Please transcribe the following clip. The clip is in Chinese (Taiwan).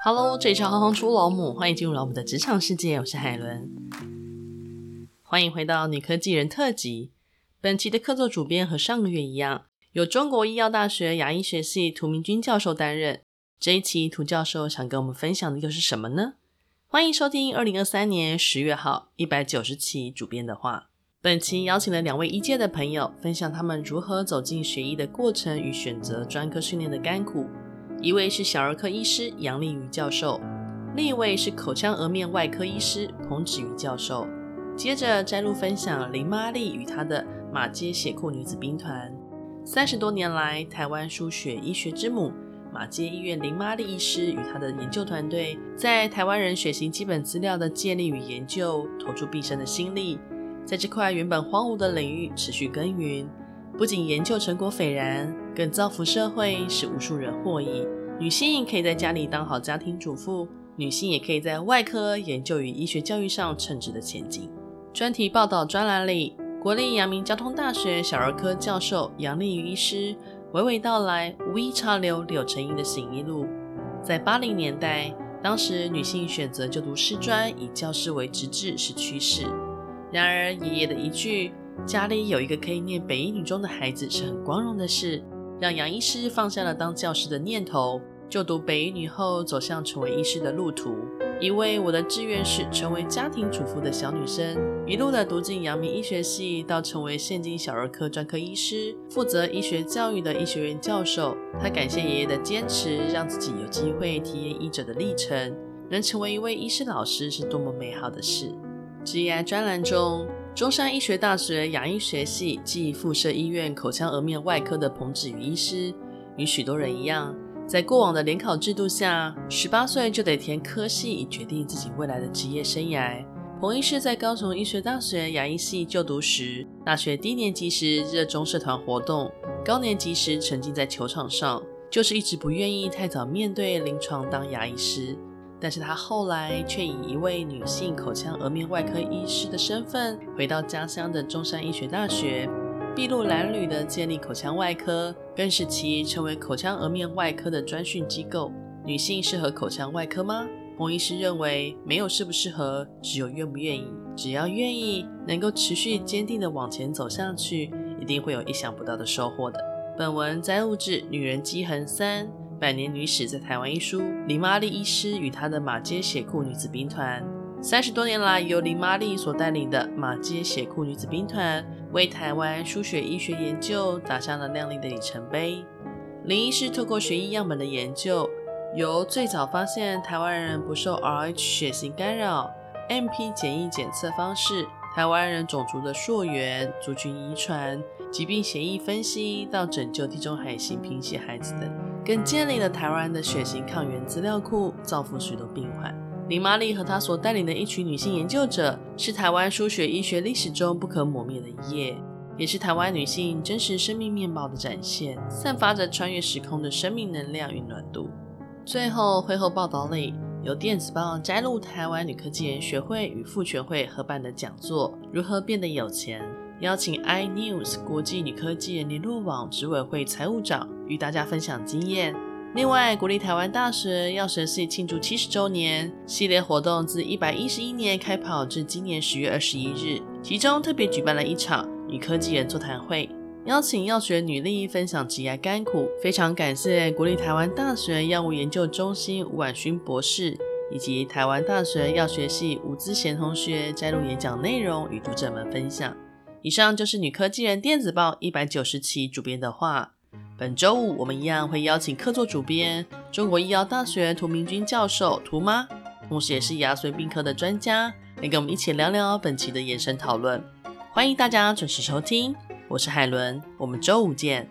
哈嘍，這裡是行行出老母，歡迎進入老母的職場世界，我是海倫。歡迎回到女科技人特輯。本期的客座主編和上個月一樣，由中國醫藥大學牙醫學系涂明君教授擔任。這一期涂教授想跟我們分享的又是什麼呢？歡迎收聽二零二三年十月號一百九十期主編的話。本期邀請了兩位醫界的朋友，分享他們如何走進學醫的過程與選擇專科訓練的甘苦。一位是小兒科醫師楊令瑀教授，另一位是口腔顎面外科醫師彭芷瑜教授。接着摘錄分享林媽利與她的馬偕血庫女子兵團。三十多年來，台灣輸血醫學之母馬偕醫院林媽利醫師與她的研究團隊，在台灣人血型基本資料的建立與研究，投注畢生的心力，在這塊原本荒蕪的領域持續耕耘，不僅研究成果斐然，更造福社會，使無數人獲益。女性可以在家裡當好家庭主婦，女性也可以在外科、研究與醫學教育上稱職的前進。專題報道專欄裡，國立陽明交通大學小兒科教授楊令瑀醫師娓娓道來無一插柳柳成蔭的行醫路。在八零年代，當時女性選擇就讀師專，以教師為職志是趨勢。然而爺爺的一句：“家裡有一個可以念北一女中的孩子，是很光榮的事。”讓楊醫師放下了當教師的念頭，就讀北一女後，走向成為醫師的路途。一位我的志願是成為家庭主婦的小女生，一路的讀進陽明醫學系，到成為現今小兒科專科醫師，負責醫學教育的醫學院教授。她感謝爺爺的堅持，讓自己有機會體驗醫者的歷程。能成為一位醫師老師，是多麼美好的事！G.I. 專欄中。中山醫學大學牙醫學系暨附設醫院口腔頜面外科的彭芷瑜醫師，與許多人一樣，在過往的聯考制度下，十八歲就得填科系，以決定自己未來的職業生涯。彭醫師在高雄醫學大學牙醫系就讀時，大學低年級時熱衷社團活動，高年級時沉浸在球場上，就是一直不願意太早面對臨床當牙醫師。但是她後來卻以一位女性口腔頜面外科醫師的身份，回到家鄉的中山醫學大學，篳路藍縷地建立口腔外科，更使其成為口腔頜面外科的專訓機構。女性適合口腔外科嗎？洪醫師認為，沒有適不適合，只有願不願意。只要願意，能夠持續堅定地往前走下去，一定會有意想不到的收穫的。本文摘錄自《女人肌痕三》。百年女史在台灣一書，林媽利醫師與她的馬偕血庫女子兵團，三十多年來由林媽利所帶領的馬偕血庫女子兵團，為台灣輸血醫學研究打下了亮麗的里程碑。林醫師透過血液樣本的研究，由最早發現台灣人不受 Rh 血型干擾、MP 簡易檢測方式、台灣人種族的溯源、族群遺傳、疾病血型分析，到拯救地中海型貧血孩子等。更建立了台灣的血型抗原資料庫，造福許多病患。林媽利和她所帶領的一群女性研究者，是台灣輸血醫學歷史中不可磨滅的一頁，也是台灣女性真實生命面貌的展現，散發着穿越時空的生命能量與暖度。最後，會後報道裡由電子報摘錄台灣女科技人學會與婦權會合辦的講座《如何變得有錢》，邀請 iNews 國際女科技人名錄網執委會財務長。與大家分享經驗。另外，國立台灣大學藥學系慶祝七十周年系列活動，自一百一十一年開跑至今年十月二十一日，其中特別舉辦了一場女科技人座談會，邀請藥學女力分享職涯甘苦。非常感謝國立台灣大學藥物研究中心吳婉勳博士以及台灣大學藥學系吳姿賢同學摘錄演講內容與讀者們分享。以上就是女科技人電子報一百九十期主編的話。本週五，我們一樣會邀請客座主編、中國醫藥大學涂明君教授涂媽，同時也是牙髓病科的專家，來跟我們一起聊聊本期的延伸討論。歡迎大家準時收聽，我是海倫，我們週五見。